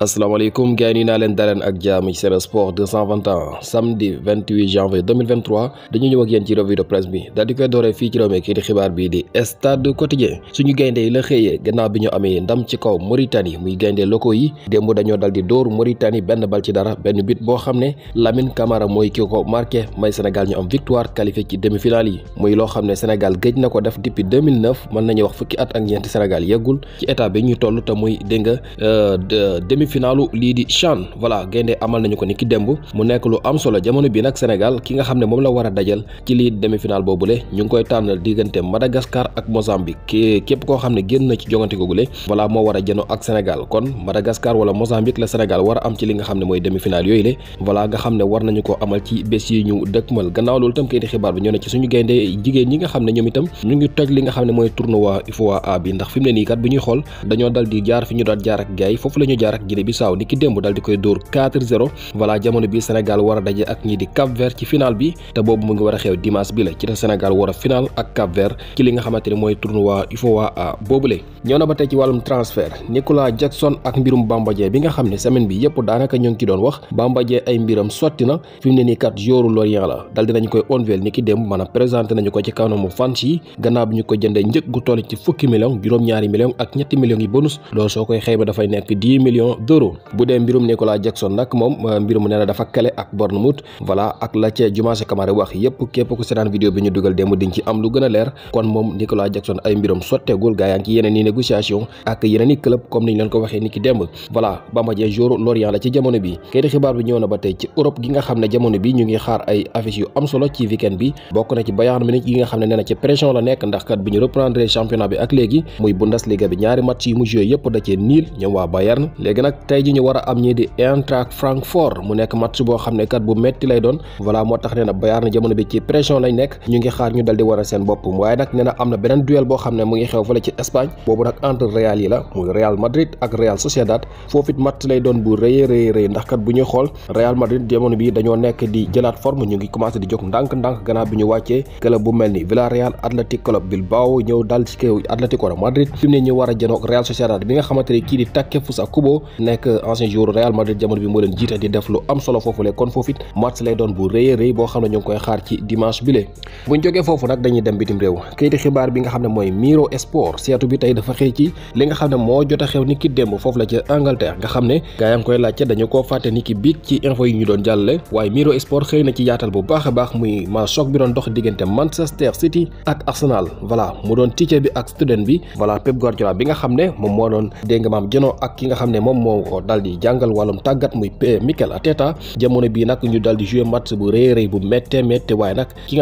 asalaamaaleykum gars yi naa leen daleen ak jaam ci Sen Sport 221 janvier dañu ñëw ak ci revue de presse bi daal di koy dooree fii ci réew mi kii di xibaar bii di stade quotidien suñu gaynde yi la xëyee gannaaw bi ñu amee ndam ci kaw Mauritanie muy gaynde locaux yi démb dañoo dal di Mauritanie benn bal ci dara benn but boo xam ne Lamine Camara mooy ki ko marqué may Sénégal ñu am victoire qualifié ci demi-finale yi muy loo xam ne Sénégal géej na ko def depuis 2009 mën nañu wax fukki at ak ñeenti Sénégal yeggul ci finalu lii di CHAN voilà gaynde amal nañu ko ni ki démb mu nekk lu am solo jamono bi nag Sénégal ki nga xam ne moom la war a dajal ci lii demi boobu boobule ñu ngi koy tànnal diggante Madagascar ak Mozambique ki képp koo xam ne génn na ci jongante googule voilà moo war a jano ak Sénégal kon Madagascar wala Mozambique la Sénégal war a am ci li nga xam ne mooy demi final yooyu le voilà nga xam ne war nañu ko amal ci bés yi ñu dëkkmal gannaaw jigéen ñi nga xam ne ñoom itam ñu ngi toj nga xam ne mooy tournoi A bi ndax fi mu ne nii kat bu ñuy xool la ñu jaar ak Guinée-Bissau ni dal di koy dóor 4 jamono bi Sénégal war daje ak ñii di Cap Vert ci final bi te boobu mu ngi war xew dimanche bi la ci la Sénégal war ak Cap Vert ci li nga xamante ne mooy tournoi UFOA boobule ñëw na ba tey ci wàllum transfert Nicolas Jackson ak mbirum Bamba bi nga xam ne semaine bi yëpp daanaka ñu ngi doon wax Bamba ay mbiram sotti na fi ne nii kat jooru Lorient la dal dinañu nañu koy xëy ba dafay nekk 10 d'euros bu dee mbirum Nicolas Jackson nag moom euh, mbirum nee na dafa kale ak Bournemouth voilà ak la ca Jumaasa Kamara wax yëpp képp ku seetaan vidéo bi ñu dugal démb di ci am lu gën a leer kon moom Nicolas Jackson ay mbiram sotteegul gaa yaa ngi yeneen i négociation ak yeneen i club comme niñ leen ko waxee ni ki démb voilà Bamba Dieng jour Lorient la ci jamono bi kayit xibaar bi ñëw na ba tey ci Europe gi nga xam ne jamono bi ñu ngi xaar ay affiche yu nag tey ji ñu am ñii di Eintracht Francfort mu nekk match boo xam ne kat bu metti lay doon voilà moo tax nee na na jamono bi ci pression lañ nekk ñu ngi xaar ñu dal di wane seen bopp waaye nag nee na xam ne mu ngi xew lay doon bu rëy rëy rëy ndax kat jamono bi dañoo di jëlaat forme ñu ngi commencé di jóg ndànk-ndànk gannaaw bi ñu wàccee club bu mel ni Villarreal Athletic Club Bilbao ñëw dal ci kaw Atlético Madrid fi ne ñu war a nekk ancien joueur Real Madrid jamono bi moo leen jiite di def lu am solo foofule kon foofu it match lay doon bu rëy a rëy boo xam ne ñu ngi koy xaar ci dimanche bi lee buñ jógee foofu nag dañuy dem bitim réew kayiti xibaar bi nga xam ne moom moo doon dégg maam ak ki nga xam ne moom moo dal di jàngal wàllum tàggat muy Mikel Arteta jamono bii nag ñu dal di joué bu rëy rëy bu métte métte waaye nag ki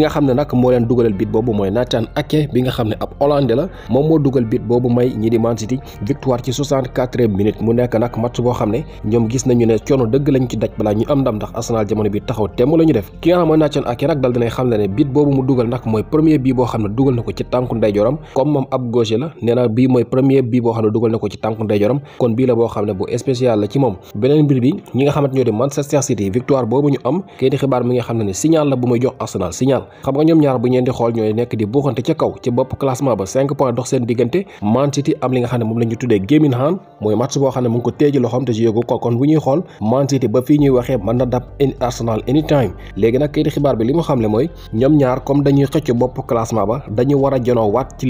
nga xam ne nag moo leen dugalal bit boobu mooy Nathan Ake bi nga xam ne ab Hollandais la moom moo dugal bit boobu may ñi di Man victoire ci mu nekk nag match boo xam ne ñoom gis nañu ne coono dëgg lañ ci daj balaa ñu am ndax Arsenal jamono bi taxaw temm la ñu def ki nga xam ne Nathan Ake nag dal dinay xam ne ne bit boobu ci tànku ndeyjooram comme moom ab gaucher la nee na mooy premier bii boo xam ne dugal na ko ci tànku ndeyjooram kon bii la boo xam ne bu spécial la ci moom beneen mbir bi ñi nga xam ne ca kaw ci bopp classement ba cinq points dox seen diggante Man City am li moom la tuddee Gaming Hand mooy match boo xam ne mu ngi ko téeji loxoom te ci yógu ko kon bu ñuy xool Man City ba fii ñuy waxee mën anytime léegi nag kayiti xibaar bi li mu xam ne mooy ñoom ñaar comme dañuy xëcc bopp classement ba dañu war a jonoowaat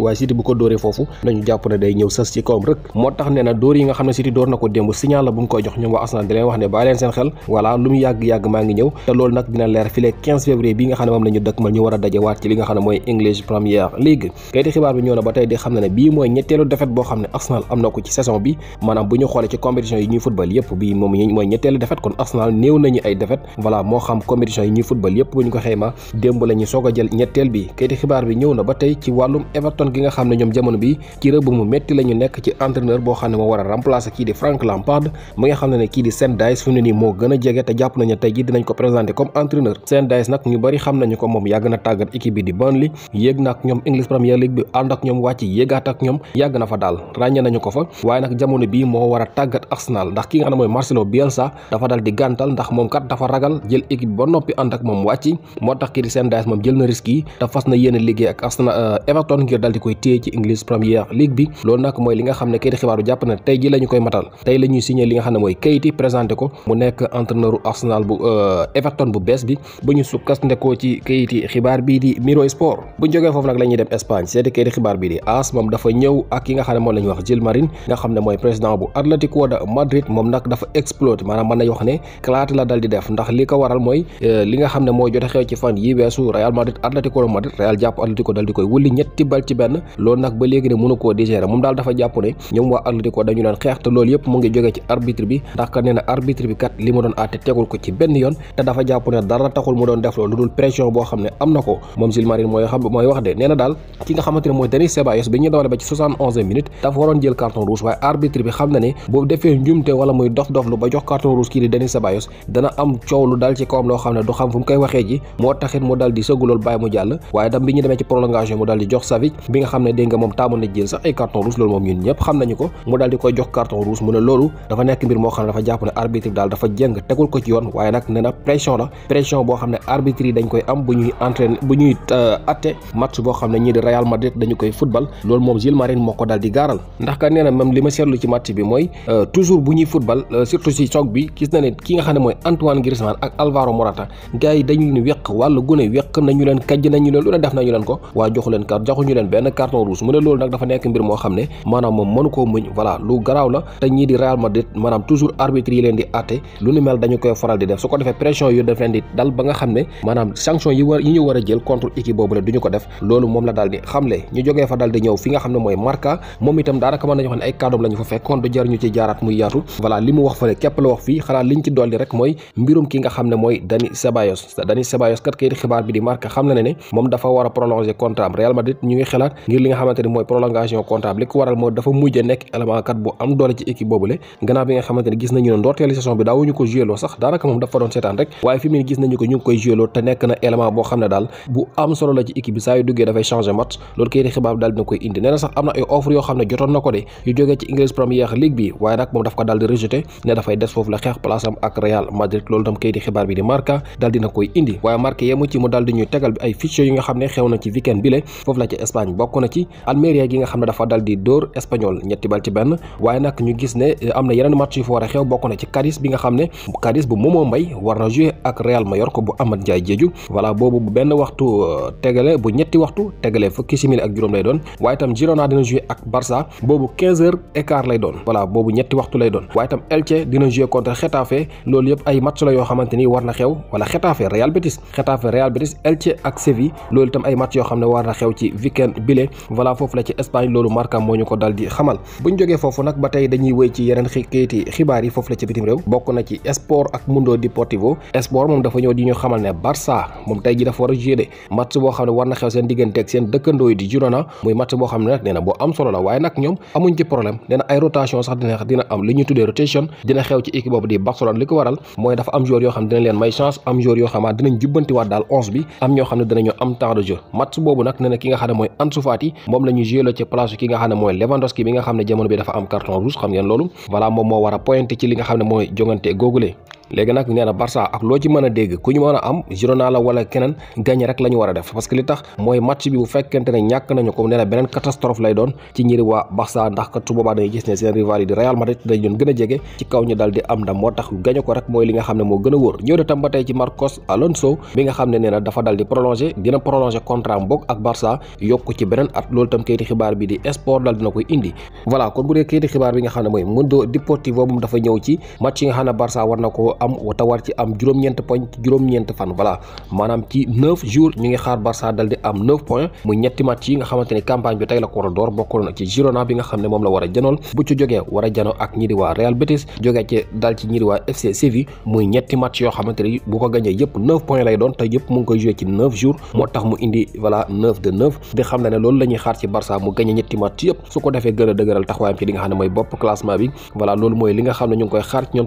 waaye City bu ko dóoree foofu dañu jàpp ne day ñëw sës ci kawam rek moo tax ne dóor yi nga xam ne City dóor na ko démb signal bu mu koy jox ñoom waa Arsenal di leen wax ne bàyyi leen seen xel voilà lu mu yàgg-yàgg maa ngi ñëw te loolu nag dina leer fileeg février bi nga xam ne moom la ñu dëkkmal ñu war a dajewaat ci li nga xam ne mooy English Premier League na mooy ñetteelu defet boo xam ne Arsenal am na ko ci saison bi maanaam bu ñu xoolee ci compétition yi ñuy football yëpp bii moom mooy ñetteelu defet kon Arsenal néew nañu ay defet voilà moo xam compétition yi ñuy football yëpp bu ñu ko xayma démb la ñu soog jël ñetteel bi kayiti xibaar bi ñëw na ba tey ci wàllum Everton gi nga xam ne ñoom jamono bi ci rëbb mu metti la nekk ci entraîneur boo xam ne moo war a kii di Frank Lampard mi nga xam gàtt ak ñoom yàgg na fa daal ràññee nañu ko fa waaye nag jamono bii moo war a tàggat Arsenal ndax ki nga xam ne mooy Marcelo Bielsa dafa dal di gàntal ndax moom kat dafa ragal jël équipe ba noppi ànd ak moom wàcc moo tax Crystal Palace moom jël na risque yi te fas na yéene liggéey ak euh, Everton ngir dal di koy téye ci English Premier League bi loolu nag mooy li nga xam ne kayiti xibaaru jàpp na tey ji la koy matal tey la ñuy li nga xam moom dafa ñëw ak ki nga xam ne mooy président bu Atlético de Madrid moom nag dafa exploité maanaam mën euh, ne mooy li nga xeex te loolu yëpp mu ngi jógee ci arbitre bi ndax kat nee arbitre bi kat li mu doon àtte tegul ko ci benn yoon te dafa jàpp ne dara taxul mu doon def loolu dul pression boo xam ne am na ko moom Gilles mooy xam mooy wax de nee daal ki nga xamante ne mooy Denis Ceballos bi ñu dawale ba ci soixante-onzième dafa waroon jël carton rouge waaye arbitre bi xam na ne boobu defee njumte wala muy dof doflu ba jox carton rouge kii di Denis Ceballos dana am coow lu dal ci kawam loo xam ne du xam fu mu koy waxee ji moo taxit mu dal di sëggulool jox Savic bi nga xam ne dégg nga moom taamu na jël sax ay carton rouge loolu moom ñun ñëpp xam nañu ko mu dal di koy jox carton rouge mu ne loolu dafa nekk mbir moo xam ne dafa jàpp ne arbitre bi daal dafa jëng tegul ko ci yoon waaye nag nee na pression la pression koy am bu loolu moom Gilles Marine moo ko daal di gaaral ndax ka nee na même li ma seetlu ci match bi mooy euh, toujours bu ñuy football euh, surtout si choc bi gis na ne ki nga xam ne mooy Antoine Griezmann ak Alvaro Morata gars yi dañu leen weq wàllu gune nañu leen kajj nañu leen def nañu leen ko waaye joxu leen carte leen benn carton rouge mu ne loolu nag nekk mbir moo xam ne maanaam moom mënu koo muñ voilà lu garaaw la te ñii di Real Madrid maanaam toujours arbitre yi leen di àtte lu ni mel dañu koy faral di def su ko defee pression yu def leen di dal ba nga xam ne maanaam sanction yi war yi ñu war a jël contre équipe boobu la duñu ko def loolu moom la daal di xamle ñu jógee fa daal di ñëw fi nga xam ne mooy Marca moom itam daanaka mën li nga xam ne mooy Dani Ceballos Dani Ceballos kat kayit moom dafa doon seetaan rek waaye fi mu gis nañu ko ñu ngi koy joué te nekk na élément boo xam ne daal bu am solo la ci équipe bi saa duggee dafay changer match loolu kayit xibaar bi daal dina koy indi nee na sax am na ay offre yoo xam ne jotoon na ko de yu jógee ci English Premier League bi waaye nag moom daf ko daal di ne dafay des foofu la xeex place ak Real Madrid loolu tam kayit di xibaar bi di Marca daal dina koy indi waaye Marca yemu ci mu daal ñuy tegal bi ay fiches yi nga xam ne xew na ci weekend bi le foofu la ci Espagne bokk na ci Almeria gi nga xam ne dafa daal dóor Espagnol ñetti bal ci benn waaye nag ñu gis ne eh, am na yeneen match yu a xew ne Cadiz bu Momo Mbaye war na jouer ak Real Mallorca bu Amad Ndiaye Diédhiou voilà boobu bu benn waxtu eh, tegale bu ñetti waxtu tegale fukki simili ak juróom doon itam Girona dina jouer ak Barça boobu 15 heures écart lay doon voilà boobu ñetti waxtu lay doon waaye itam Elche dina jouer contre Getafe loolu yëpp ay match la yoo xamante ni war na xew wala Getafe Real Betis Getafe Real Betis Elche ak Séville loolu itam ay match yoo xam ne war na xew ci weekend bile voilà foofu la ci Espagne loolu Marca moo ñu ko dal di xamal buñ jógee foofu nag ba tey dañuy wéy ci yeneen kayiti xibaar yi foofu la ci bitim réew bokk na ci sport ak Mundo Deportivo sport moom ñu xamal ne Barça moom tey ji dafa war a jouer de match boo xam ne xam ne nag nee na am solo la waaye nag ñoom amuñ ci problème nee ay rotation sax dina dina am li ñu tuddee rotation dina xew ci équipe boobu di Barcelone li ko waral mooy dafa am joueur yoo xam ne dinañ leen am temps de jeu match boobu nag nee ki nga xam ne mooy Ansu Fati moom la ñu ci place ki nga xam ne mooy Lewandowski bi nga xam ne jamono bi dafa am carton rouge xam ngeen loolu voilà moom moo war a ci li nga xam ne mooy jongante léegi nag nee na Barça ak loo ci mën a dégg ku ñu mën a am Girona la wala keneen gagné rek la war a def parce que li tax mooy match bi bu fekkente ne ñàkk nañu ko nee beneen catastrophe lay doon ci ñiri waa Barça ndax kat su boobaa gis ne seen rival yi di Real Madrid dañ doon gën a jege ci kaw ñu dal di am ndam moo tax gagné ko rek mooy li nga xam ne moo gën a wóor ñëw de tam ba tey ci Marcos Alonso bi nga xam ne nee na dafa dal di prolongé dina prolongé tam kayiti xibaar bi di sport dal indi voilà kon bu dee kayiti xibaar bi nga xam ne mooy Mundo Deportivo moom dafa am wata war ci am juróom-ñeent poñ ci juróom-ñeent fan voilà maanaam ci neuf jours ñu ngi xaar Barça dal di am neuf points muy ñetti match yi nga xamante ni bi tey la ko war a door ci Girona bi moom la war a janool bu ci a jano ak ñi di waa Real Betis jógee ci dal ci ñi di waa match yoo xamante ni bu ko gañee yëpp neuf points lay doon te yëpp mu ngi koy joué moo tax mu indi voilà neuf de neuf di xam ne loolu la xaar ci Barça mu gañee ñetti match yëpp su ko defee gën a dëgëral taxawaayam ci li nga xam ne mooy bopp classement bi voilà ne ñu ngi koy xaar ci ñoom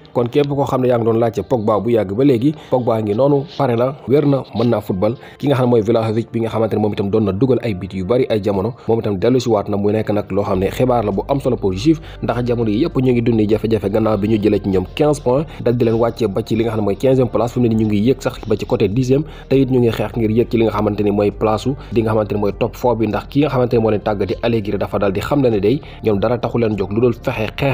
kon képp ko xam ne yaa ngi doon laajte Pogba bu yàgg ba léegi Pogba ngi noonu pare na wér na mën naa football ki nga xam moom itam doon na dugal ay bit yu bari ay jamono moom itam dellu si waat na mu nekk nag loo xam ne xibaar la bu am solo pour Juve ndax jamono yi yëpp ñu ngi dundi jafe-jafe gannaaw bi ñu jëlee ci ñoom 15 points dal di leen wàccee ba ci li nga xam mooy 15 ngi yëg sax ba ci côté 10e te it ñu ngi xeex ngir yëg ci mooy place u di nga xamante ni mooy top 4 bi ndax ki nga xamante ni moo leen tàggati Allegri dafa a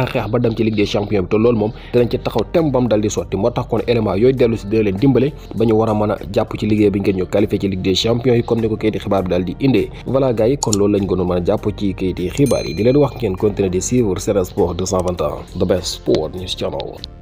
xeex ba dem ci Ligue des taxaw tem bam dal di sotti moo tax kon élément yooyu dellu si leen dimbale ba ñu war a jàpp ci liggéey bi ngeen ñu qualifié ci ligue des champions yi comme ni ko kayiti xibaar bi daal di indee voilà yi kon loolu lañ gënoon mën jàpp ci kayiti xibaar yi di leen wax ngeen continuer di suivre Sen Sport 221 the best sport news channel